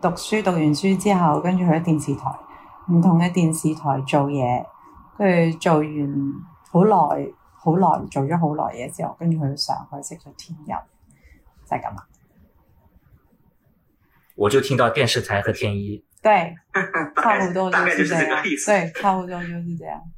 讀書讀完書之後，跟住去電視台，唔同嘅電視台做嘢，跟住做完好耐好耐，做咗好耐嘢之後，跟住去上海識咗天一，就係咁啦。我就聽到電視台和天一，對，差 好多，啊，就是呢個例差多就是這樣。